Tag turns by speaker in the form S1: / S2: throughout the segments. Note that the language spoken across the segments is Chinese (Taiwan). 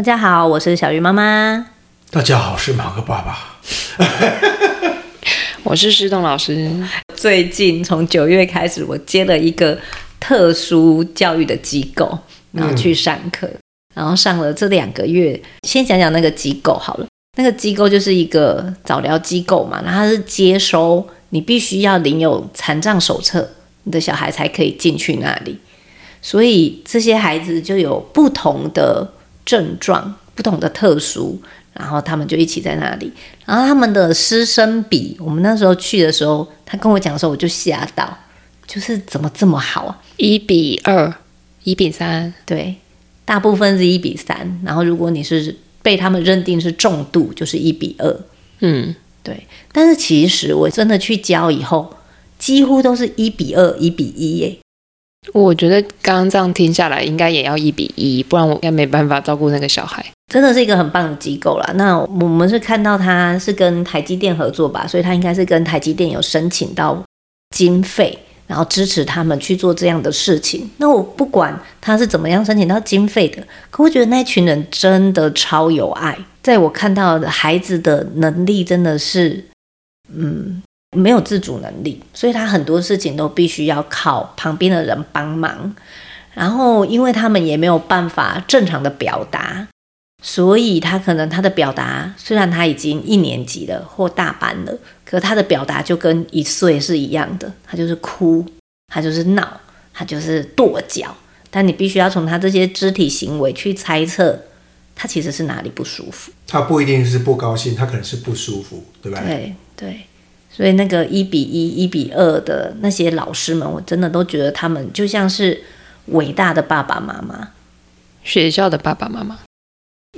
S1: 大家好，我是小魚媽媽。
S2: 大家好，我是馬克爸爸。
S1: 我是施東老師。最近從九月開始，我接了一個特殊教育的機構，然後去上課，嗯、然後上了這兩個月。先講講那個機構好了。那個機構就是一個早療機構嘛，然後他是接收你必須要領有殘障手冊，你的小孩才可以進去那裡。所以這些孩子就有不同的。症狀不同的特殊，然後他們就一起在那裡。然後他們的師生比，我們那時候去的時候，他跟我講的時候，我就嚇到，就是怎麼這麼好啊？一比二，一比三，對，大部分是一比三。然後如果你是被他們認定是重度，就是一比二。嗯，對。但是其
S3: 實我真的去教以後，幾乎都是一比二，一比一耶。我覺得剛剛這樣聽下來，應該也要一比一，不然我應該沒辦法照顧那個小孩。
S1: 真的是一個很棒的機構啦。那我們是看到他是跟台積電合作吧，所以他應該是跟台積電有申請到經費，然後支持他們去做這樣的事情。那我不管他是怎麼樣申請到經費的，可我覺得那群人真的超有愛。在我看到的孩子的能力真的是，嗯。沒有自主能力，所以他很多事情都必須要靠旁邊的人幫忙。然後，因為他們也沒有辦法正常的表達，所以他可能他的表達，雖然他已經一年級了或大班了，可他的表達就跟一歲是一樣的。他就是哭，他就是鬧，他就是跺腳。但你必須要從他這些肢體行為去猜測，他其實是哪裡不舒服。
S2: 他不一定是不高興，他可能是不舒服，對吧？對
S1: 對。所以那個一比一、一比二的那些老師們，我真的都覺得他們就像是偉大的爸爸媽媽，學校的爸爸媽媽。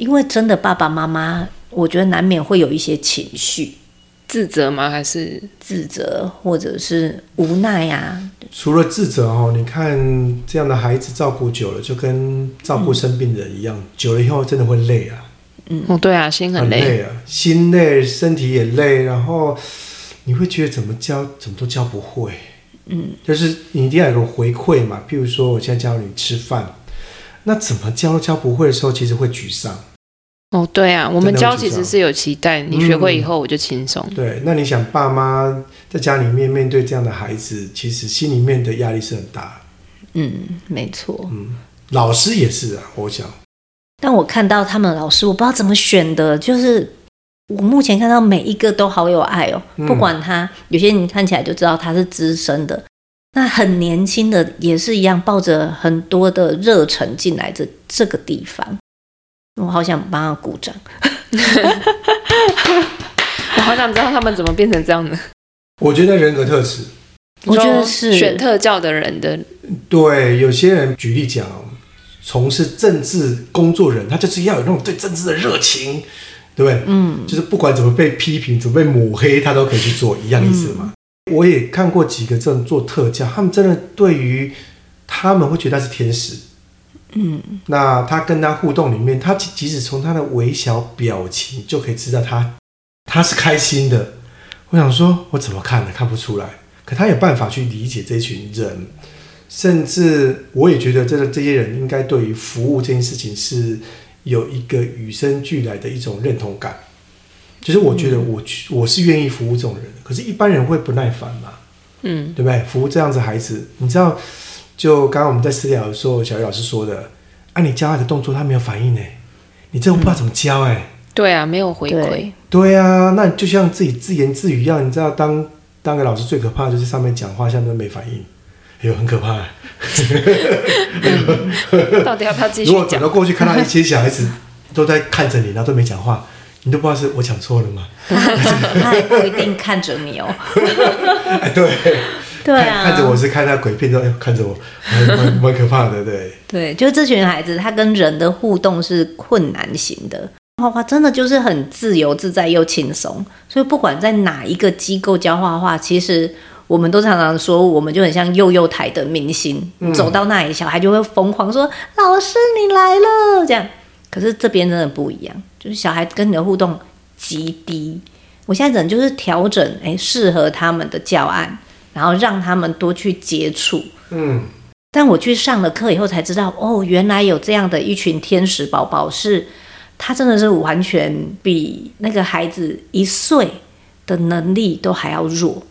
S1: 因為真的爸爸媽媽，我覺得難免會有一些情緒，自責嗎？還是自責，或者是無奈呀、啊？
S2: 除了自責哦，你看這樣的孩子照顧久了，就跟照顧生病的人一樣，嗯、久了以後真的會累啊。嗯，
S3: 對啊，心很累啊，
S2: 心累，身體也累，然後。你會覺得怎麼教，怎麼都教不會。嗯，就是你一定要有個回饋嘛。譬如說，我現在教你吃飯，那怎麼教都教不會的時候，其實會沮喪。
S3: 哦，對啊，我們教其實是有期待，你學會以後我就輕鬆。嗯、對，
S2: 那你想，爸媽在家裡面面對這樣的孩子，其實心裡面的壓力是很大。
S1: 嗯，沒錯。嗯，
S2: 老師也是啊，我想。
S1: 但我看到他們的老師，我不知道怎麼選的，就是。我目前看到每一個都好有愛哦，不管他，嗯，有些人看起來就知道他是資深的，那很年輕的也是一樣，抱着很多的熱忱進來這這個地方，我好想
S3: 幫他鼓掌， 我好想知道他們怎麼變成這樣的。
S2: 我覺得人格特質，
S3: 我覺得是選特教的人的。
S2: 對，有些人舉例講，從事政治工作人，他就是要有那種對政治的熱情。對不對？嗯，就是不管怎麼被批評，怎麼被抹黑，他都可以去做，一樣意思嘛。嗯、我也看過幾個這種做特教，他們真的對於他們會覺得他是天使，嗯，那他跟他互動裡面，他即即使從他的微小表情就可以知道他他是開心的。我想說，我怎麼看呢？看不出來，可他有辦法去理解這群人，甚至我也覺得，真的這些人應該對於服務這件事情是。有一個與生俱來的一種認同感，其、就、實、是、我覺得我、嗯、我是願意服務這種人，可是，一般人會不耐煩嘛，嗯，對不對？服務這樣子孩子，你知道，就剛剛我們在私聊的時候，小魚老師說的，啊，你教他的動作，他沒有反應呢、欸，你這我不知道怎麼教哎、欸嗯，
S3: 對啊，沒有回饋，
S2: 對啊，那就像自己自言自語一樣，你知道當，當當個老師最可怕的就是上面講話下面都沒反應。有、欸、很可怕，啊！ 到
S3: 底要不要繼續？如果講到
S2: 過去看到一些小孩子都在看着你，然後都沒講話，你都不知道是我講錯了嗎？
S1: 他也不一定看着你哦。 欸、對，對啊，看着我是
S2: 看他鬼片，都、欸、哎，看着我，蠻蠻可怕的，對。
S1: 對，就是這群孩子，他跟人的互動是困難型的。畫畫真的就是很自由自在又輕鬆，所以不管在哪一個機構教畫畫，其實。我們都常常說，我們就很像幼幼台的明星，嗯、走到那裡，小孩就會瘋狂說：“老師你來了！”這樣。可是這邊真的不一樣，就是小孩跟你的互動極低。我現在只能就是調整，哎、欸，適合他們的教案，然後讓他們多去接觸。
S2: 嗯。
S1: 但我去上了課以後才知道，哦，原來有這樣的一群天使寶寶，是他真的是完全比那個孩子一歲的能力都還要弱。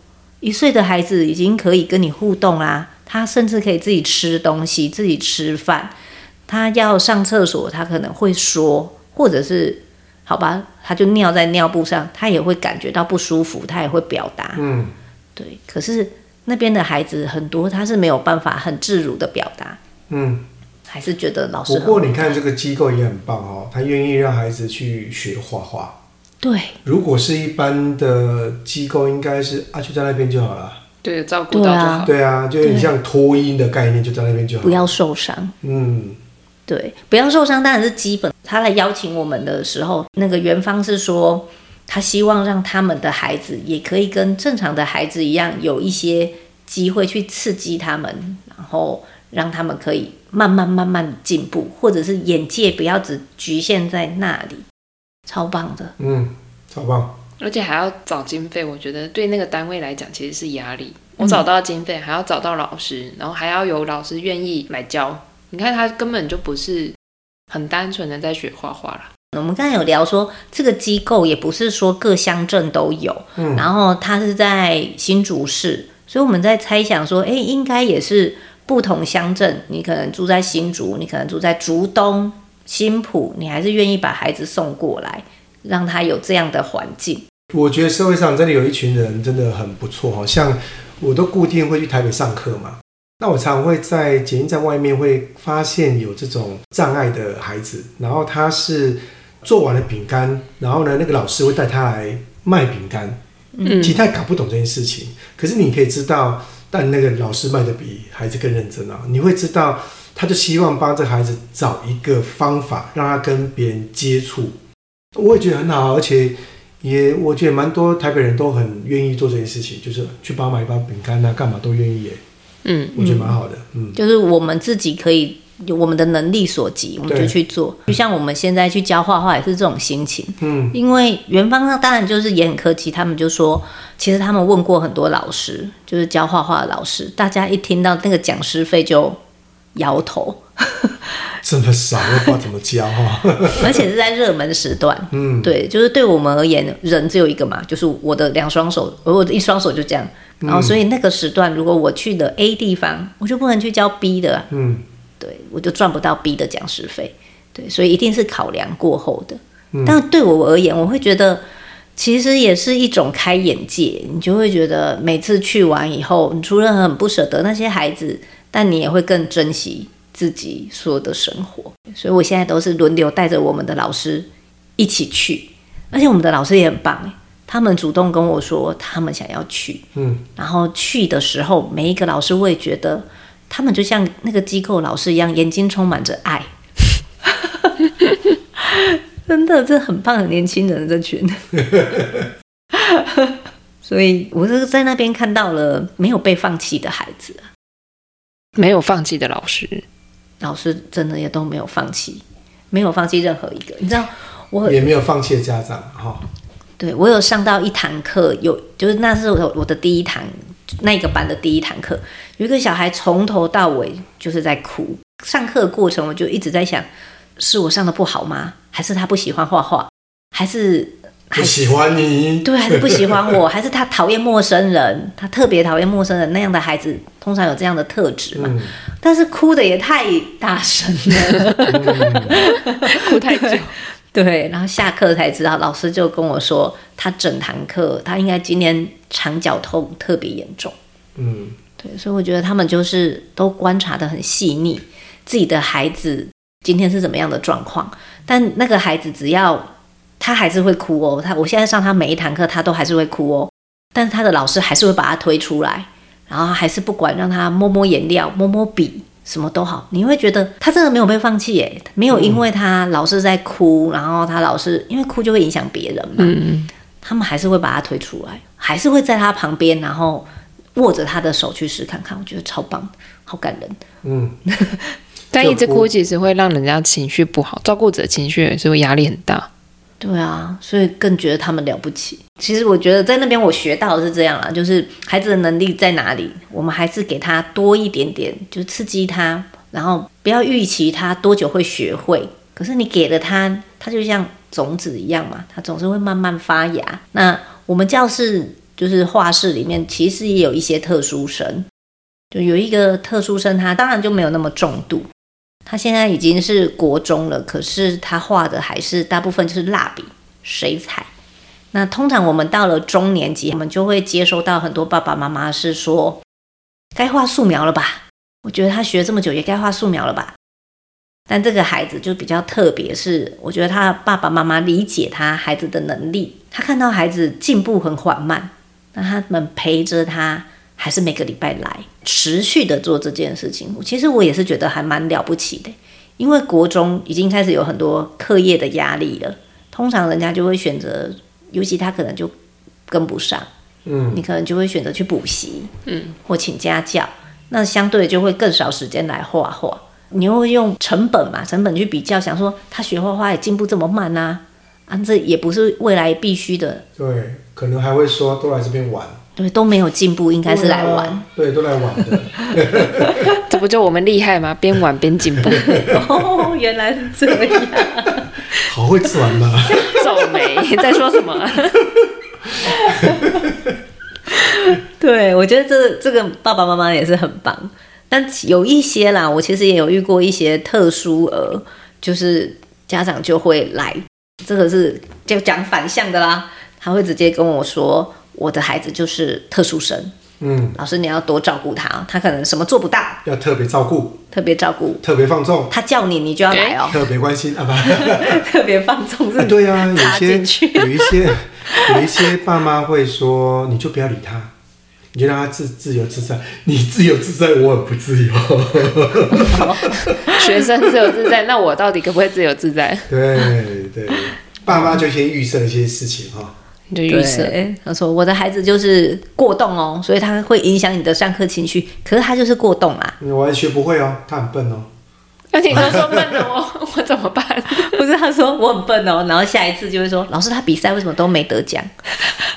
S1: 一歲的孩子已經可以跟你互動啦、啊，他甚至可以自己吃東西、自己吃飯。他要上廁所，他可能會說，或者是好吧，他就尿在尿布上，他也會感覺到不舒服，他也會表達。嗯，對。可是那邊的孩子很多，他是沒有辦法很自如地表達。嗯，還是覺得老師。不過你
S2: 看這個機構也很棒哦，他願意讓孩子去學畫畫。對，如果是一般的機構，應該是啊就在那邊就好了。
S3: 對，照顧到。
S2: 對啊，就有點像托嬰的概念，就在那邊就好。不要
S1: 受傷，嗯，對，不要受傷，當然是基本。他來邀請我們的時候，那個院方是說，他希望讓他們的孩子也可以跟正常的孩子一樣，有一些機會去刺激他們，然後讓他們可以慢慢慢慢進步，或者是眼界不要只局限在那裡。超棒的，嗯，超棒，
S3: 而且還要找經費，我覺得對那個單位來講其實是壓力。嗯、我找到經費，還要找到老師，然後還要有老師願意來教。你看他根本就不是很單純的在學畫畫啦。
S1: 我們剛才有聊說，這個機構也不是說各鄉鎮都有，嗯，然後他是在新竹市，所以我們在猜想說，哎、欸，應該也是不同鄉鎮。你可能住在新竹，你可能住在竹東。辛苦你還是願意把孩子送過來，讓他有這樣的環境。
S2: 我覺得社會上真的有一群人真的很不錯，好像我都固定會去台北上課嘛，那我常會在捷運站外面，會發現有這種障礙的孩子，然後他是做完了餅乾，然後呢，那個老師會帶他來賣餅乾，嗯，其實他也搞不懂這件事情，可是你可以知道，但那個老師賣的比孩子更認真啊，你會知道。他就希望幫這孩子找一個方法，讓他跟別人接觸。我也覺得很好，而且也我覺得蠻多台北人都很願意做這件事情，就是去幫買一包餅乾啊，幹嘛都願意。耶。嗯，
S1: 我覺得蠻好
S2: 的，嗯，就是
S1: 我們自己可以有我們的能力所及，我們就去做。對就像我們現在去教畫畫也是這種心情，嗯，因為元芳呢，當然就是也很客氣，他們就說，其實他們問過很多老師，就是教畫畫的老師，大家一聽到那個講師費就。搖搖頭，
S2: 真 的少，我不知道怎麼教、啊、
S1: 而且是在熱門時段，嗯，對，就是對我們而言，人只有一個嘛，就是我的兩雙手，我的一雙手就這樣。嗯、然後，所以那個時段，如果我去了 A 地方，我就不能去交 B 的，嗯，對，我就賺不到 B 的講師費，對，所以一定是考量過後的。嗯、但對我而言，我會覺得其實也是一種開眼界，你就會覺得每次去完以後，你除了很不捨得那些孩子。但你也會更珍惜自己所有的生活，所以我現在都是輪流帶着我們的老師一起去，而且我們的老師也很棒、欸、他們主動跟我說他們想要去，嗯，然後去的時候每一個老師會覺得他們就像那個機構老師一樣，眼睛充滿着愛，嗯、 真的，這很棒，很年輕人這群， 所以我是在那邊看到了沒有被放棄的孩子。沒有放棄的老師，老師真的也都沒有放棄，沒有放棄任何一個。你知道，
S2: 我也沒有放棄家長哈。哦、
S1: 對，我有上到一堂課，有就是那是我我的第一堂那個班的第一堂課，有一個小孩從頭到尾就是在哭。上課的過程我就一直在想，是我上的不好嗎？還是他不喜歡畫畫？還是？不喜歡你對，還是不喜歡我？ 還是他討厭陌生人？他特別討厭陌生人那樣的孩子，通常有這樣的特質嘛？嗯，但是哭得也太大聲了，嗯， 哭太久。對，對，然後下課才知道，老師就跟我說，他整堂課他應該今天腸絞痛特別嚴重。嗯，對，所以我覺得他們就是都觀察得很細膩，自己的孩子今天是怎麼樣的狀況？但那個孩子只要。他還是會哭哦，他我現在上他每一堂課，他都還是會哭哦。但是他的老師還是會把他推出來，然後還是不管讓他摸摸顏料、摸摸筆，什麼都好。你會覺得他真的沒有被放棄耶，沒有因為他老是在哭，嗯、然後他老是因為哭就會影響別人嘛。嗯嗯，他們還是會把他推出來，還是會在他旁邊，然後握着他的手去試看看。我覺得超棒，好感人。嗯， 但一直哭其
S3: 實會讓人家情緒不好，照顧者情緒也是會壓力很大。對
S1: 啊，所以更覺得他們了不起。其實我覺得在那邊我學到的是這樣啦，就是孩子的能力在哪裡，我們還是給他多一點點，就刺激他，然後不要預期他多久會學會。可是你給了他，他就像種子一樣嘛，他總是會慢慢發芽。那我們教室就是畫室裡面，其實也有一些特殊生，就有一個特殊生，他當然就沒有那麼重度。他現在已經是國中了，可是他畫的還是大部分就是蠟筆、水彩。那通常我們到了中年級，我們就會接收到很多爸爸媽媽是說，該畫素描了吧？我覺得他學這麼久，也該畫素描了吧？但這個孩子就比較特別是，是我覺得他爸爸媽媽理解他孩子的能力，他看到孩子進步很緩慢，那他們陪着他，還是每個禮拜來持續的做這件事情，其實我也是覺得還蠻了不起的，因為國中已經開始有很多課業的壓力了，通常人家就會選擇，尤其他可能就跟不上，
S3: 嗯，你
S1: 可能就會選擇去補習，嗯，或請家教，嗯、那相對就會更少時間來畫畫，你又會用成本嘛，成本去比較，想說他學畫畫也進步這麼慢啊，啊，這也不是未來必須的，
S2: 對，可能還會說都來這邊玩。
S3: 對，都沒有進步，應該是來玩。
S1: 對，啊、對，都來玩。
S3: 這不就我們厲害嗎？邊玩邊進步。
S1: 哦，原來是這樣。
S3: 好會吃完嗎。皺眉，在說什麼、啊？
S1: 對，我覺得這這個爸爸媽媽也是很棒，但有一些啦，我其實也有遇過一些特殊兒，就是家長就會來，這個是就講反向的啦，他會直接跟我說。我的孩子就是特殊生，嗯，老師你要多照顧他，他可能什麼做不到，要特別照顧，特別照顧，特別放縱，他叫你，你就要來哦，Okay. 特別關心 啊，不、 啊，特別放縱對啊，有一些進去 有一些
S2: 有一些，有一些爸媽會說，你就不要理他，你就讓他自自由自在，你自由自在，我很不自由，
S3: 哦、學生自由自在， 那我到底可不可以自由自在？
S2: 對對，爸媽就先預設一些事情哈、哦。
S3: 對，他說我的孩子就是
S1: 過動哦，所以他會影響你的上課情緒。可是他就是過動啊，
S2: 你完全不會哦，
S1: 他很笨哦。而且你都說笨哦，我， 我怎麼辦？不是他說我很笨哦，然後下一次就會說老師他比賽為什麼都沒得獎？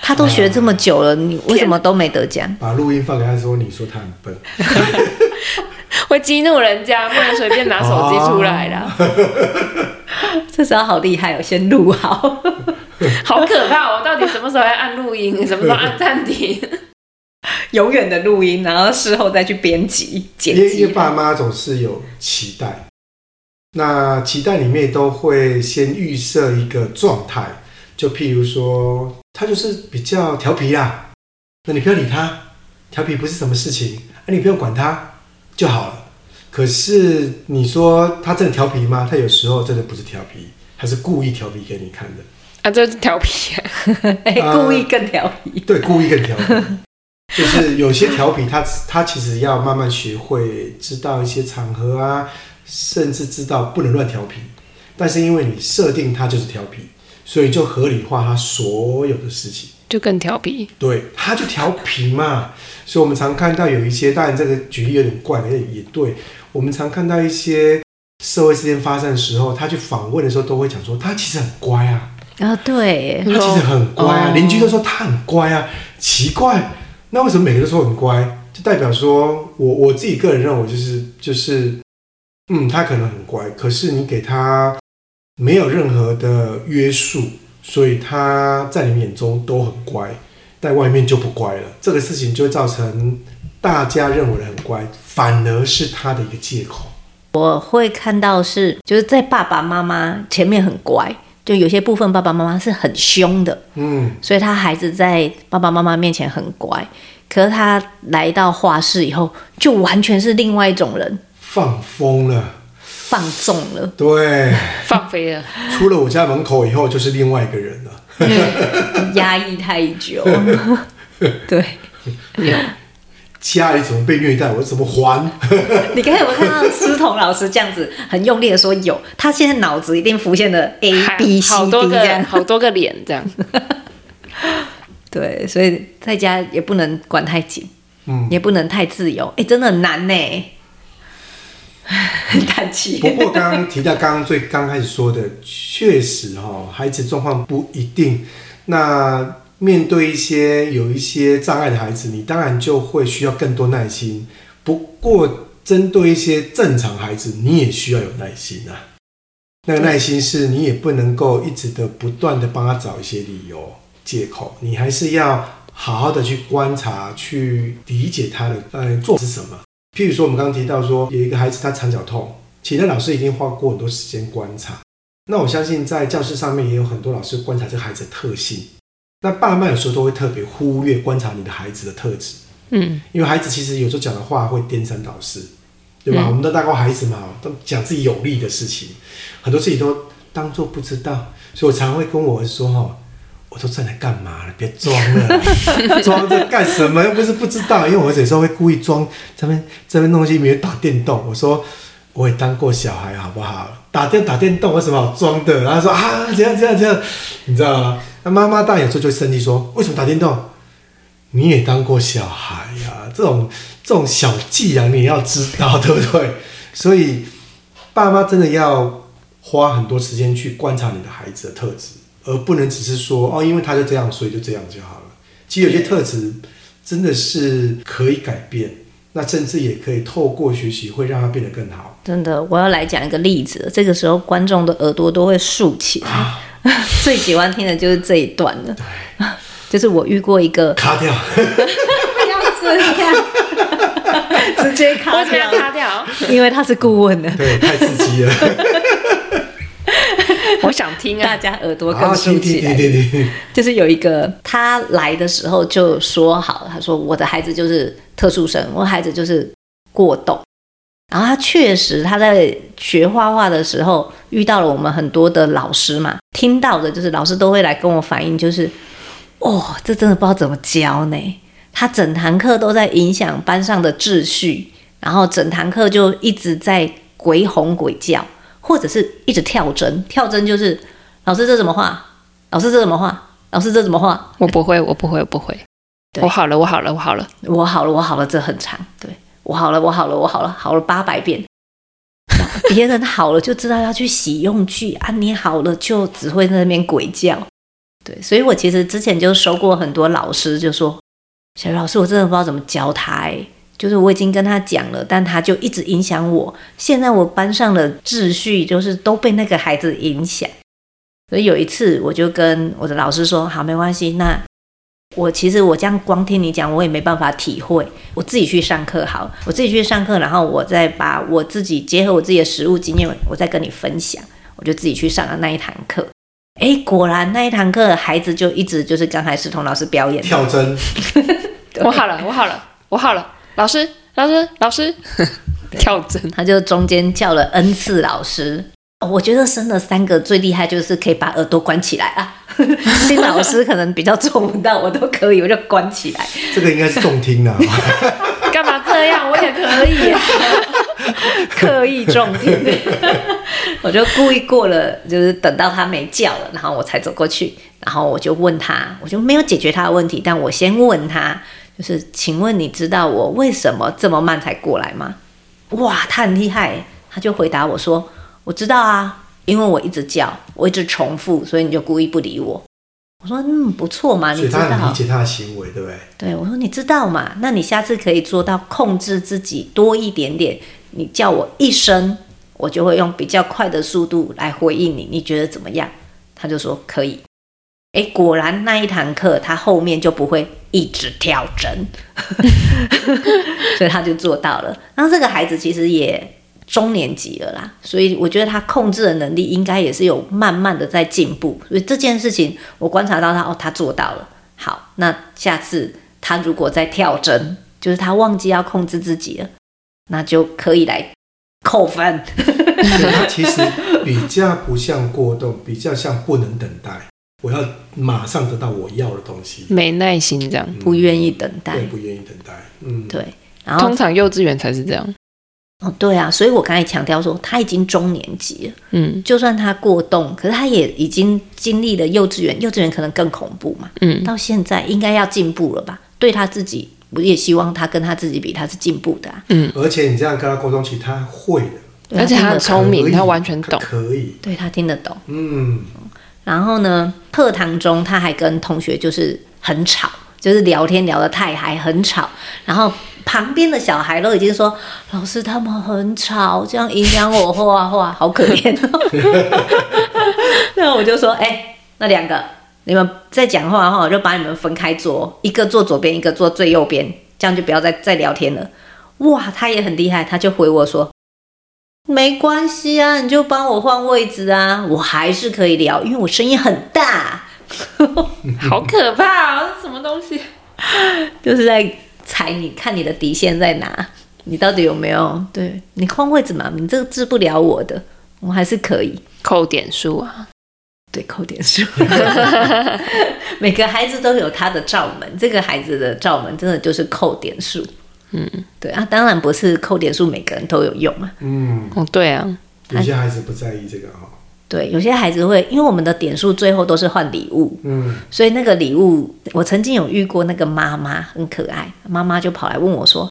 S1: 他都學這麼久了，哎、呀你為什麼都沒得獎？天把
S2: 錄音放給他說，說你說他很笨，
S1: 會
S3: 激怒人家，不能隨便拿手機出來
S1: 了。啊、 這招好厲害哦，先錄好。
S3: 好可怕！我到底什麼時候要按錄音？什麼時候按暫
S1: 停？ 永遠的錄音，然後事後再去編輯剪輯。因為爸媽總
S2: 是有期待，那期待裡面都會先預設一個狀態，就譬如說他就是比較調皮啦、啊，那你不要理他，調皮不是什麼事情，你不用管他就好了。可是你說他真的調皮嗎？他有時候真的不是調皮，他是故意調皮給你看的。
S3: 他、啊、就是調皮、啊，欸呃、故意更調皮。
S2: 對，故意更調皮。 就是有些調皮，他他其實要慢慢學會知道一些場合啊，甚至知道不能亂調皮。但是因為你設定他就是調皮，所以就合理化他所有的事情，
S3: 就更調皮。
S2: 對，他就調皮嘛。 所以，我們常看到有一些，當然這個舉例有點怪，也也對。我們常看到一些社會事件發生的時候，他去訪問的時候，都會講說他其實很乖啊。
S1: 啊、哦，對，他其實很乖啊，哦、鄰居都說他
S2: 很乖啊，奇怪，那為什麼每個人都說很乖？就代表說，我我自己個人認為就是就是，嗯，他可能很乖，可是你給他沒有任何的約束，所以他在你們眼中都很乖，在外面就不乖了。這個事情就會造成大家認為的很乖，反而是他的一個借
S1: 口。我會看到是就是在爸爸媽媽前面很乖。就有些部分爸爸媽媽是很兇的，嗯，所以他孩子在爸爸媽媽面前很乖，可是他來到畫室以後，就完全是另外一種人，
S2: 放風了，
S1: 放縱了，
S2: 對，
S1: 放飛了。出
S2: 了我家門口以後，就是另外一個人
S1: 了，壓 抑太久，
S2: 對。 哎家裡怎麼被虐待，我怎麼還？
S1: 你剛才有沒有看到思彤老師這樣子很用力的說有？他現在腦子一定浮現的 A B C D 好多個、好多個臉這樣。 對，所以在家也不能管太緊，嗯、也不能太自由，哎、欸，真的很難呢，
S2: 嘆氣。不過剛剛提到剛剛最剛開始說的，確實哈，孩子狀況不一定。那。面對一些有一些障礙的孩子，你當然就會需要更多耐心。不過，針對一些正常孩子，你也需要有耐心啊。那個耐心是你也不能夠一直的不斷的幫他找一些理由、借口，你還是要好好的去觀察、去理解他的呃做是什麼。譬如說，我們剛剛提到說有一個孩子他腸絞痛，其他老師已經花過很多時間觀察。那我相信在教室上面也有很多老師觀察這個孩子的特性。那爸媽有時候都會特別忽略觀察你的孩子的特質，嗯，因為孩子其實有時候講的話會顛三倒四，對吧？嗯、我們都帶過孩子嘛，都講自己有利的事情，很多事情都當做不知道，所以我常常會跟我兒子說：“哈，我說在那幹嘛呢？別裝了，裝着幹什麼？又不是不知道。”因為我兒子有時候會故意裝，這邊這邊東西沒有打電動，我說我也當過小孩，好不好？打電打電動為什麼好裝的？然後說啊，這樣這樣這樣，你知道嗎？那媽媽大人有時候就生氣說：“為什麼打電動？你也當過小孩呀，啊，這種這種小伎倆你也要知道，對不對？”所以，爸媽真的要花很多時間去觀察你的孩子的特質，而不能只是說哦，因為他就這樣，所以就這樣就好了。其實有些特質真的是可以改變。那甚至也可以透過學習，會讓他變得更
S1: 好。真的，我要來講一個例子。這個時候，觀眾的耳朵都會豎起來。啊、 最喜歡聽的就是這一段了。對 就是我遇過一個卡掉，
S3: 卡掉，不要這樣，直接卡掉卡掉。 因為他
S1: 是顧問的，對，太刺激
S3: 了。 我想聽大家
S1: 耳朵更豎起來聽聽聽聽，就是有一個，他來的時候就說好，他說我的孩子就是。特殊生，我孩子就是過動，然後他確實他在學畫畫的時候遇到了我們很多的老師嘛，聽到的就是老師都會來跟我反映，就是，哦，這真的不知道怎麼教呢。他整堂課都在影響班上的秩序，然後整堂課就一直在鬼吼鬼叫，或者是一直跳針。跳針就是，老師這怎麼畫？老師這怎麼畫？老師這怎麼畫？我不會，我不會，我不會。對我好了，我好了，我好了，我好了，我好了，這很長，對。我好了，我好了，我好了，好了八百遍。 別人好了就知道要去洗用具啊，你好了就只會在那邊鬼叫。對，所以我其實之前就收過很多老師，就說：“小魚老師，我真的不知道怎麼教他、欸。”就是我已經跟他講了，但他就一直影響我。現在我班上的秩序就是都被那個孩子影響。所以有一次我就跟我的老師說：“好，沒關係。”那我其實我這樣光聽你講，我也沒辦法體會。我自己去上課好，我自己去上課，然後我再把我自己結合我自己的實務經驗，我再跟你分享。我就自己去上了那一堂課，哎，果然那一堂課孩子就一直就是剛才是童老師表演的跳
S3: 針。 對我好了，我好了，
S1: 我好了。老師，
S3: 老師，老師，
S1: 跳針。 他就中間叫了 n 次老師。我覺得生了三個最厲害，就是可以把耳朵關起來啊。新 老師可能比較做不到，我都可以，我就關起來。這
S2: 個應該是重聽了。
S1: 幹 嘛這樣？我也可以、
S3: 啊、
S2: 刻
S1: 意重聽。 我就故意過了，就是等到他沒叫了，然後我才走過去，然後我就問他，我就沒有解決他的問題，但我先問他，就是請問你知道我為什麼這麼慢才過來嗎？哇，他很厲害，他就回答我說：“我知道啊。”因為我一直叫，我一直重複，所以你就故意不理我。我說，嗯，不錯嘛，你知道。他很理解
S2: 他的行為，對不
S1: 對？對，我說你知道嘛，那你下次可以做到控制自己多一點點。你叫我一聲，我就會用比較快的速度來回應你。你覺得怎麼樣？他就說可以。誒，果然那一堂課，他後面就不會一直跳針。 所以他就做到了。那這個孩子其實也中年級了啦，所以我覺得他控制的能力應該也是有慢慢的在進步。所以這件事情，我觀察到他哦，他做到了。好，那下次他如果再跳針，就是他忘記要控制自己了，那就可以來扣分
S2: 對。他其實比較不像過動，比較像不能等待，我要馬上得到我要的東西，
S3: 沒耐心這樣，不願意等待，對、嗯、不
S2: 願意等待。嗯，對。
S3: 然後，通常幼稚園才是這樣。哦，對啊，所以我
S1: 剛才強調說他已經中年級了，嗯，就算他過動，可是他也已經經歷了幼稚園，幼稚園可能更恐怖嘛，嗯，到現在應該要進步了吧？對他自己，我也希望他跟他自己比，他是進步的，啊，嗯。
S2: 而且你這樣跟他溝通起，他會了，
S1: 嗯，他而且他聰明，他完全懂，可以，對他聽得懂，嗯。然後呢，課堂中他還跟同學就是很吵，就是聊天聊得太嗨，很吵，然後。旁邊的小孩都已經說，老師他們很吵，這樣影響我畫畫，好可憐哦、喔。 那我就說，哎、欸，那兩個你們在講話的話，我就把你們分開坐，一個坐左邊，一個坐最右邊，這樣就不要再再聊天了。哇，他也很厲害，他就回我說，沒關係啊，你就幫我換位置啊，我還是可以聊，因為我聲音很大，
S3: 好可怕啊，是什麼東西？
S1: 就是在。踩你看你的底線在哪？你到底有沒有？對你換位置嘛？你這個治不了我的，我還是可以扣點數啊。對，扣點數。每個孩子都有他的罩門，這個孩子的罩門真的就是扣點數。嗯，對啊，當然不是扣點數，每個人都有用啊。嗯，哦，oh, 對啊，有
S2: 些孩子不在意這個哈、哦。
S1: 對，有些孩子會，因為我們的點數最後都是換禮物，嗯，所以那個禮物，我曾經有遇過那個媽媽很可愛，媽媽就跑來問我說：“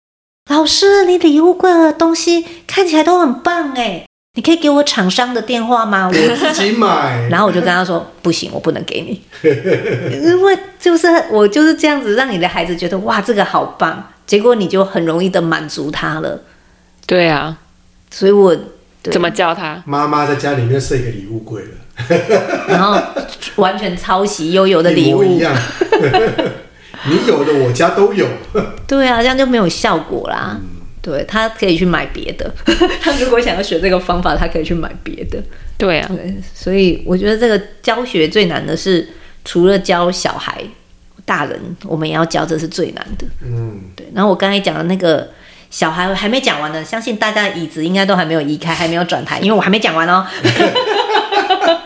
S1: 老師，你禮物櫃的東西看起來都很棒誒，你可以給我廠商的電話嗎？我自己買。” 然後我就跟他說：“不行，我不能給你，因為就是我就是這樣子讓你的孩子覺得哇這個好棒，結果你就很容易的滿足他了。”對啊，所以我。對怎麼教他？
S2: 媽媽在家裡面設一個禮物櫃
S1: 了， 然後完全抄襲悠悠的禮物一,一樣，
S2: 你有的我家都有。
S1: 對啊，這樣就沒有效果啦。嗯、對，他可以去買別的， 他如果想要學這個方法，他可以去買別的。對啊，對，所以我覺得這個教學最難的是，除了教小孩，大人我們也要教，這是最難的。嗯，對。然後我剛才講的那個。小孩還沒講完呢，相信大家的椅子應該都還沒有移開，還沒有轉台，因為我還沒講完哦、喔。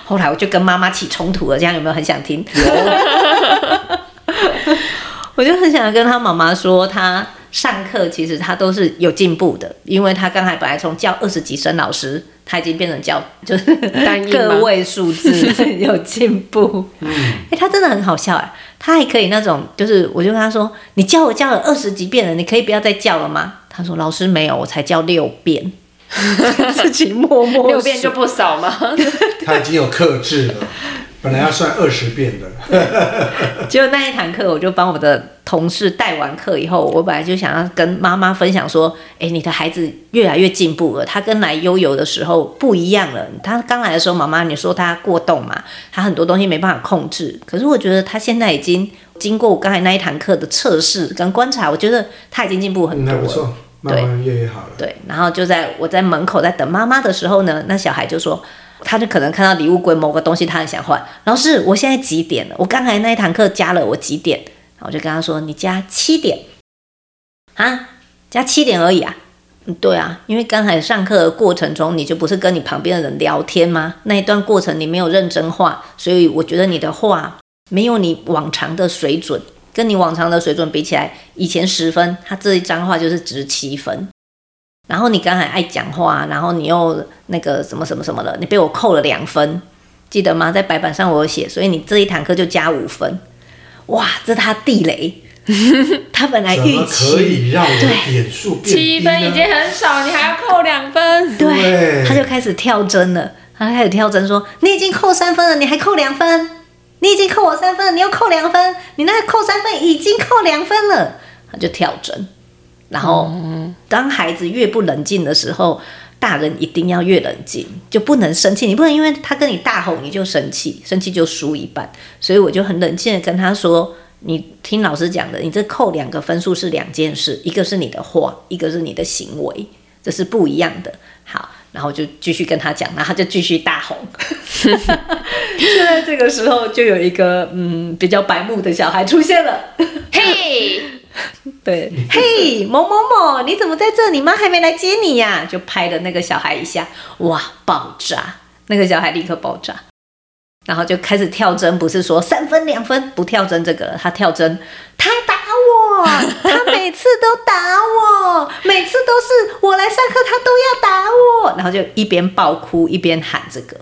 S1: 後來我就跟媽媽起衝突了，這樣有沒有很想聽？ 我就很想跟他媽媽說，他上課其實他都是有進步的，因為他剛才本來從叫二十幾聲老師，他已經變成叫就是單個位數字， 有進步。哎、嗯欸，他真的很好笑哎、欸。他還可以那種，就是我就跟他說：“你叫我叫了二十幾遍了，你可以不要再叫了嗎？”他說：“老師沒有，我才叫六遍，
S3: 自己默默六遍就不少嗎？” 他已經
S1: 有
S2: 克制了。
S3: 本來
S1: 要算二十遍的，就那一堂課，我就幫我的同事帶完課以後，我本來就想要跟媽媽分享說：“哎、欸，你的孩子越來越進步了，他跟來悠游的時候不一樣了。他剛來的時候，媽媽你說他過動嘛，他很多東西沒辦法控制。可是我覺得他現在已經經過我剛才那一堂課的測試跟觀察，我覺得他已經進步很多了，對，越來越
S2: 好了對。
S1: 對，然後就在我在門口在等媽媽的時候呢，那小孩就說。”他就可能看到禮物櫃某個東西，他很想換。老師，我現在幾點了？我剛才那一堂課加了我幾點？然後我就跟他說，你加七點啊，加七點而已啊。對啊，因為剛才上課的過程中，你就不是跟你旁邊的人聊天嗎？那一段過程你沒有認真畫，所以我覺得你的畫沒有你往常的水準，跟你往常的水準比起來，以前十分，他這一張畫就是值七分。然後你剛才愛講話，然後你又那個什麼什麼什麼的，你被我扣了兩分，記得嗎？在白板上我有寫，所以你這一堂課就加五分。哇，這是他地雷， 他本來預期七分已經很少，你還要扣兩分，對，對，他就開始跳針了，他開始跳針說，你已經扣三分了，你還扣兩分，你已經扣我三分了，你又扣兩分，你那個扣三分已經扣兩分了，他就跳針。然後，當孩子越不冷靜的時候，大人一定要越冷靜，就不能生氣。你不能因為他跟你大吼，你就生氣，生氣就輸一半。所以我就很冷靜的跟他說：“你聽老師講的，你這扣兩個分數是兩件事，一個是你的話，一個是你的行為，這是不一樣的。”好，然後就繼續跟他講，然後他就繼續大吼。
S3: 就
S1: 在這個時候，就有一個嗯比較白目的小孩出現了，嘿。Hey! 對，嘿， hey, 某某某，你怎麼在這裡？你媽還沒來接你呀、啊？就拍了那個小孩一下，哇，爆炸！那個小孩立刻爆炸，然後就開始跳針。不是說三分兩分不跳針這個，他跳針， 他打我，他每次都打我，每次都是我來上課，他都要打我，然後就一邊爆哭一邊喊這個。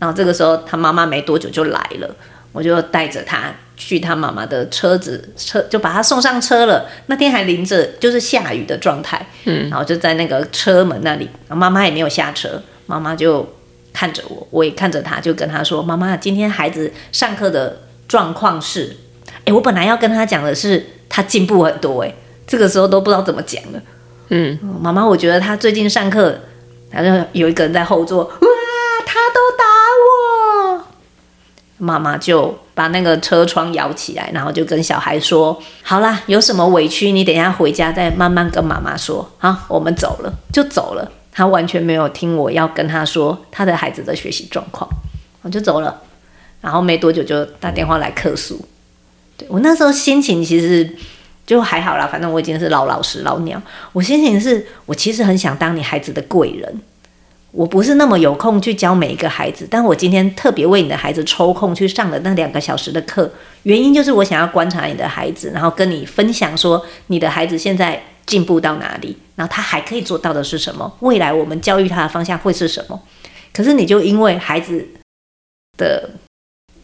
S1: 然後這個時候，他媽媽沒多久就來了，我就帶着他。去他媽媽的車子，車就把他送上車了。那天還淋着，就是下雨的狀態。嗯，然後就在那個車門那裡，媽媽也沒有下車，媽媽就看着我，我也看着他，就跟他說：“媽媽，今天孩子上課的狀況是……哎、欸，我本來要跟他講的是他進步很多、欸，哎，這個時候都不知道怎麼講了。”嗯，媽媽，我覺得他最近上課，反正有一個人在後座。媽媽就把那個車窗搖起來，然後就跟小孩說：“好啦，有什麼委屈你等一下回家再慢慢跟媽媽說。啊”好，我們走了，就走了。他完全沒有聽我要跟他說他的孩子的學習狀況，我就走了。然後沒多久就打電話來客訴。對，我那時候心情其實就還好啦，反正我已經是老老師老鳥，我心情是我其實很想當你孩子的貴人。我不是那麼有空去教每一個孩子，但我今天特別為你的孩子抽空去上了那兩個小時的課，原因就是我想要觀察你的孩子，然後跟你分享說你的孩子現在進步到哪裡，然後他還可以做到的是什麼，未來我們教育他的方向會是什麼。可是你就因為孩子的，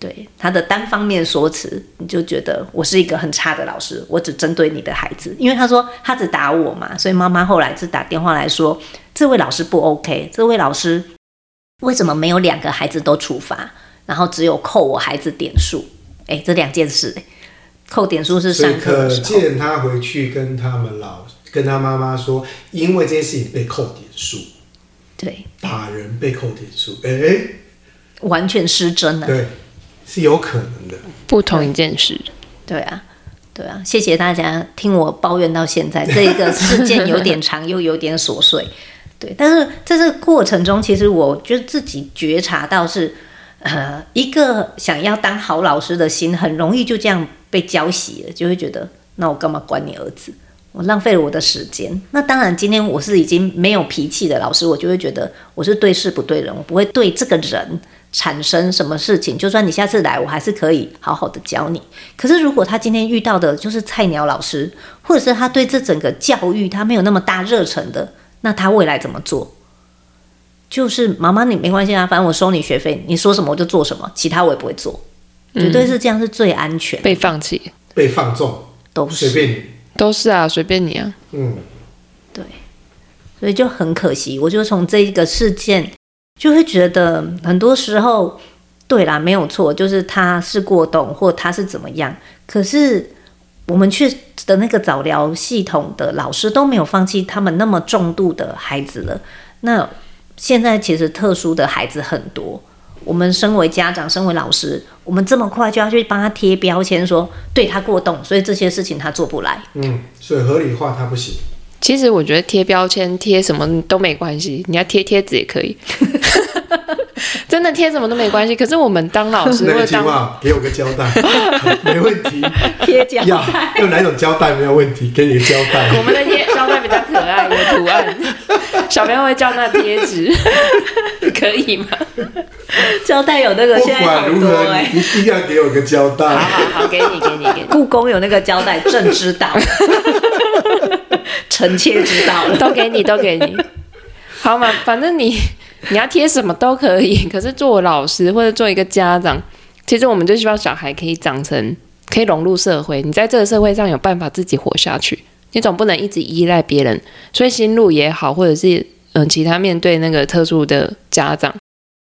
S1: 對，他的單方面說辭，你就覺得我是一個很差的老師，我只針對你的孩子，因為他說他只打我嘛，所以媽媽後來是打電話來說。這位老師不 OK，這位老師為什麼沒有兩個孩子都處罰，然後只有扣我孩子點數？哎，這兩件事，扣點數是上課，可見
S2: 他回去跟他們老跟他媽媽說，因為這件事情被扣點數，對，把人被扣點數，哎，
S1: 完全失真了，對，是有可能的，不同一件事對，對啊，對啊，謝謝大家聽我抱怨到現在，這一個事件有點長，又有點瑣碎。 但是在這個過程中，其實我覺得自己覺察到是，呃，一個想要當好老師的心很容易就這樣被澆熄了，就會覺得那我幹嘛管你兒子？我浪費了我的時間。那當然，今天我是已經沒有脾氣的老師，我就會覺得我是對事不對人，我不會對這個人產生什麼事情。就算你下次來，我還是可以好好的教你。可是如果他今天遇到的就是菜鳥老師，或者是他對這整個教育他沒有那麼大熱忱的。那他未來怎麼做？就是媽媽，你沒關係啊，反正我收你學費，你說什麼我就做什麼，其他我也不會做，
S2: 絕
S1: 對是這
S3: 樣是最安全。嗯、被放棄、被放縱，都是隨便你，都是啊，隨便你啊，嗯，對，
S1: 所以就很可惜，我就從這一個事件就會覺得，很多時候對啦，沒有錯，就是他是過動或他是怎麼樣，可是，我們去的那個早療系統的老師都沒有放棄他們那麼重度的孩子了。那現在其實特殊的孩子很多，我們身為家長、身為老師，我們這麼快就要去幫他貼標籤，說對他過動，所以這些事情他做不來。
S2: 嗯，所以合理化他不行。
S3: 其實我覺得貼標籤貼什麼都沒關係，你要貼貼紙也可以。 真的貼什麼都沒關係，可是我們當老師會當，能行嗎？
S2: 給我個膠帶 沒
S3: 問題。貼膠帶
S2: 用哪種膠帶沒有問題？給你個膠帶，我們的
S3: 貼膠帶比較可愛， 有圖案，小朋友會叫那貼紙，可以嗎？膠帶有那個，現在很多哎、欸，不管
S2: 如何你一定要給我個膠帶。好好
S1: 好，給你給你給你。給你故宮有那個膠帶，朕知道，
S3: 臣妾知道了，都給你，都給你。好嘛，反正你。你要貼什麼都可以，可是做老師或者做一個家長，其實我們就希望小孩可以長成，可以融入社會。你在這個社會上有辦法自己活下去，你總不能一直依賴別人。所以心路也好，或者是嗯、呃，其他面對那個特殊的家長，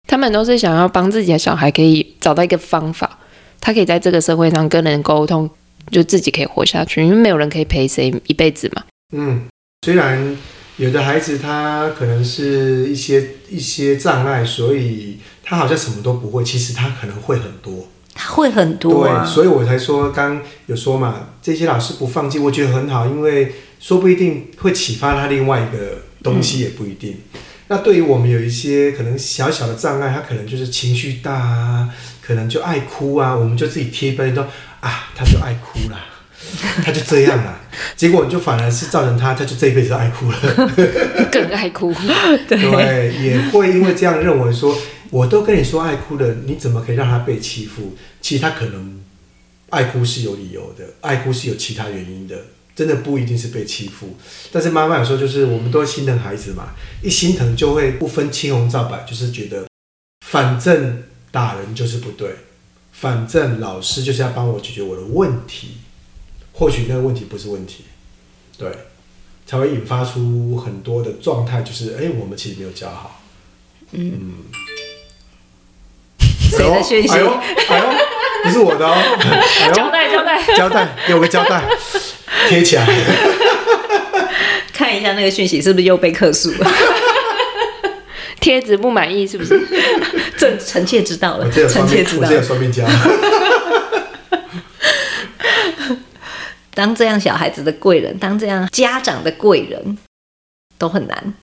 S3: 他們都是想要幫自己的小孩可以找到一個方法，他可以在這個社會上跟人溝通，就自己可以活下去，因為沒有人可以陪誰一輩子嘛。
S2: 嗯，雖然。有的孩子他可能是一些一些障礙，所以他好像什麼都不會。其實他可能會很多，他
S1: 會很多啊。對，所
S2: 以我才說剛有說嘛，這些老師不放棄，我覺得很好，因為說不一定會啟發他另外一個東西也不一定。嗯。那對於我們有一些可能小小的障礙，他可能就是情緒大啊，可能就愛哭啊，我們就自己貼背都啊，他就愛哭啦。 他就這樣了、啊、結果你就反而是造成他，他就這一輩子愛哭了，
S3: 更愛哭。對，對，也
S2: 會因為這樣認為說，我都跟你說愛哭了，你怎麼可以讓他被欺負？其實他可能愛哭是有理由的，愛哭是有其他原因的，真的不一定是被欺負。但是媽媽說，就是我們都會心疼孩子嘛，一心疼就會不分青紅皂白，就是覺得反正打人就是不對，反正老師就是要幫我解決我的問題。或許那個問題不是問題，對，才會引發出很多的狀態，就是哎、欸，我們其實沒有教好，嗯。誰的訊息哎呦哎呦？哎呦，不是我的哦。哎、呦交代交代
S1: 交代,交
S2: 代，給我個交代，貼起來。
S1: 看一下那個訊息是不是又被客訴了？貼紙 不滿意是不是？臣 臣,臣妾知道了，臣妾知道了，我這有雙面膠。當這樣小孩子的貴人，當這樣家長的貴人都很難。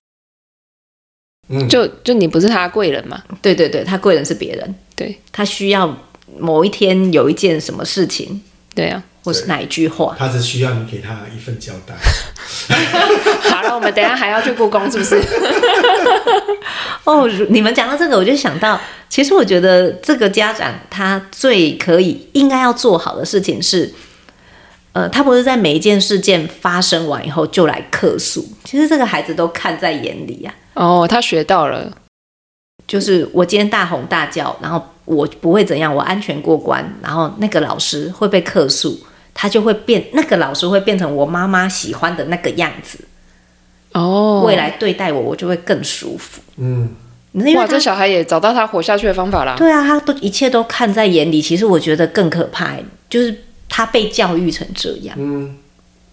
S3: 嗯，
S1: 就就你不是他貴人嘛？對對對，他貴人是別人。對，他需要某一天有一件什麼事情，對啊，或是哪一句話，他
S2: 是需要你給他一份交代。
S1: 好了，我們等一下還要去故宮，是不是？哦 oh, 你們講到這個，我就想到，其實我覺得這個家長他最可以應該要做好的事情是。呃，他不是在每一件事件發生完以後就來客訴，其實這個孩子都看在眼裡啊。哦，他學到了，就是我今天大吼大叫，然後我不會怎樣，我安全過關，然後那個老師會被客訴，他就會變，那個老師會變成我媽媽喜歡的那個樣子。
S3: 哦，未來
S1: 對待我，我就會更舒服。嗯，哇，
S3: 這小孩也找到他活下去的方法了。對啊，
S1: 他都一切都看在眼裡。其實我覺得更可怕，欸，就是。他被教育成這樣。嗯，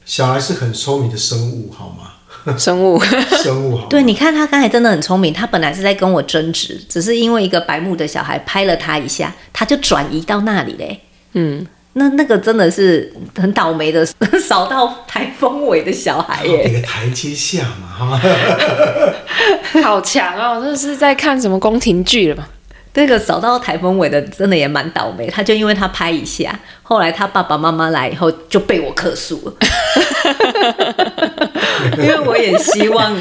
S2: 小孩是很聰明的生物，好嗎？生物， 生物好、
S1: 好。對，你看他剛才真的很聰明。他本來是在跟我爭執，只是因為一個白目的小孩拍了他一下，他就轉移到那裡嘞、欸。嗯，那那個真的是很倒霉的，掃到
S3: 台風尾的小孩
S1: 耶、
S2: 欸。給個台階下嘛，
S3: 好強啊、哦！我這是在看什麼宮廷劇了吧。那個掃到颱風尾的，真的也蠻
S1: 倒霉他就因為他拍一下，後來他爸爸媽媽來以後，就被我客訴
S3: 了。 因為我也希望，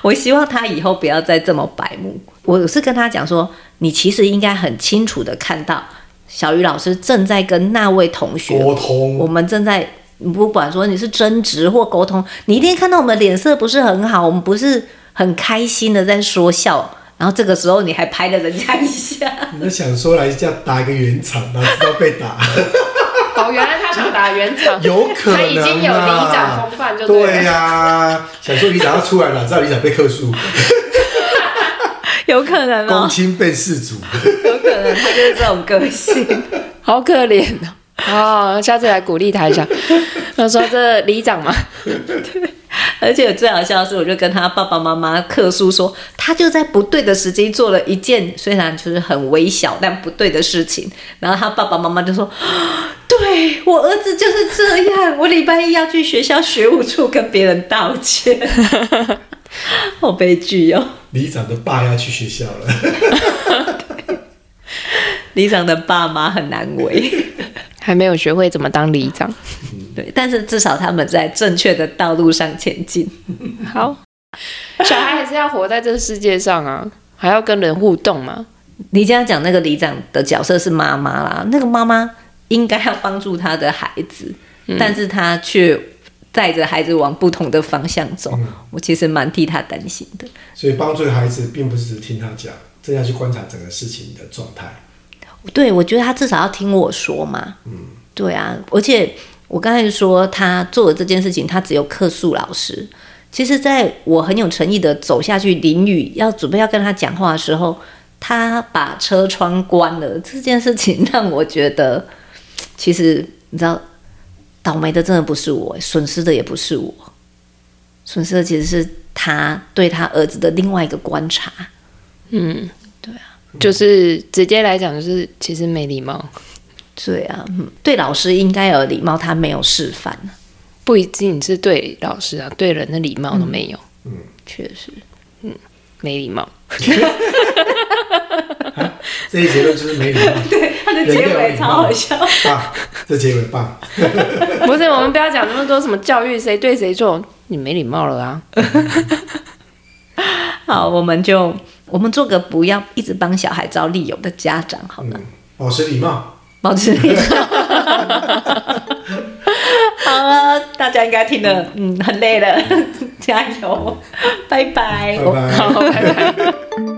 S1: 我希望他以後不要再這麼白目。我是跟他講說，你其實應該很清楚的看到，小雨老師正在跟那位同學溝通。我們正在不管說你是爭執或溝通，你一定看到我們臉色不是很好，我們不是很開心的在說笑。然後這個時候你還拍了人家一下，你
S2: 們想說來一下打一個圓場，哪知道被打？
S3: 哦，原來他想打圓場，有可能他已經有里長風範，就對。對呀，
S2: 想說里長要出來了，哪知道里長被客訴？
S1: 有可
S3: 能啊，公
S2: 親被事主。
S1: 有可能他就是這種個
S2: 性，
S3: 好可憐哦，哦。下次來鼓勵他一下。他 說這裡：“這
S1: 里長嘛，對。”而且最好笑的是，我就跟他爸爸媽媽客訴說，他就在不對的時機做了一件雖然就是很微小，但不對的事情。然後他爸爸媽媽就說：“對，我兒子就是這樣，我禮拜一要去學校學務處跟別人道歉。 ”好悲劇喲、喔！
S2: 里長的爸要去學校了。
S1: 里 長的爸媽很難為，還沒有學會怎麼當里長。對，但是至少他們在正確的道路上前進。
S3: 好， 小孩還是要活在這個世
S1: 界上啊，還要跟人互動嘛。你剛剛講那個里長的角色是媽媽啦，那個媽媽應該要幫助他的孩子，
S2: 嗯、但是
S1: 他卻帶着孩子往不同的方向走。嗯、我其實蠻替他擔心的。
S2: 所以幫助孩子，並不是聽他講，這要去觀察整個事情的狀態。
S1: 對，我覺得他至少要聽我說嘛。嗯，對啊，而且。我剛才說他做的這件事情，他只有客訴老師。其實，在我很有誠意的走下去淋雨，要準備要跟他講話的時候，他把車窗關了。這件事情讓我覺得，其實你知道，倒霉的真的不是我，損失的也不是我，損失的其實是他對他兒子的另外一個觀察。嗯，
S3: 對
S1: 啊，就是直接來講，就是其實沒禮貌。對啊、嗯，對老師應該有禮貌，他沒有示範。不僅
S3: 僅是對老師啊，對人的禮貌都沒有。嗯，嗯確實，嗯，沒禮
S2: 貌。 啊、這一結論就是沒
S3: 禮貌。 對，他的結尾超好笑，笑啊！這結尾棒。 不是，我們不要講那麼多什麼教育誰對誰錯， 你沒禮貌了啊！ 好，我
S1: 們就我們做個不要一直幫小孩找理由的家長，好嗎？
S2: 保持、嗯哦、禮貌。
S1: 保持。 好了，大家應該聽得嗯很累了，加油， 拜拜，好，拜拜。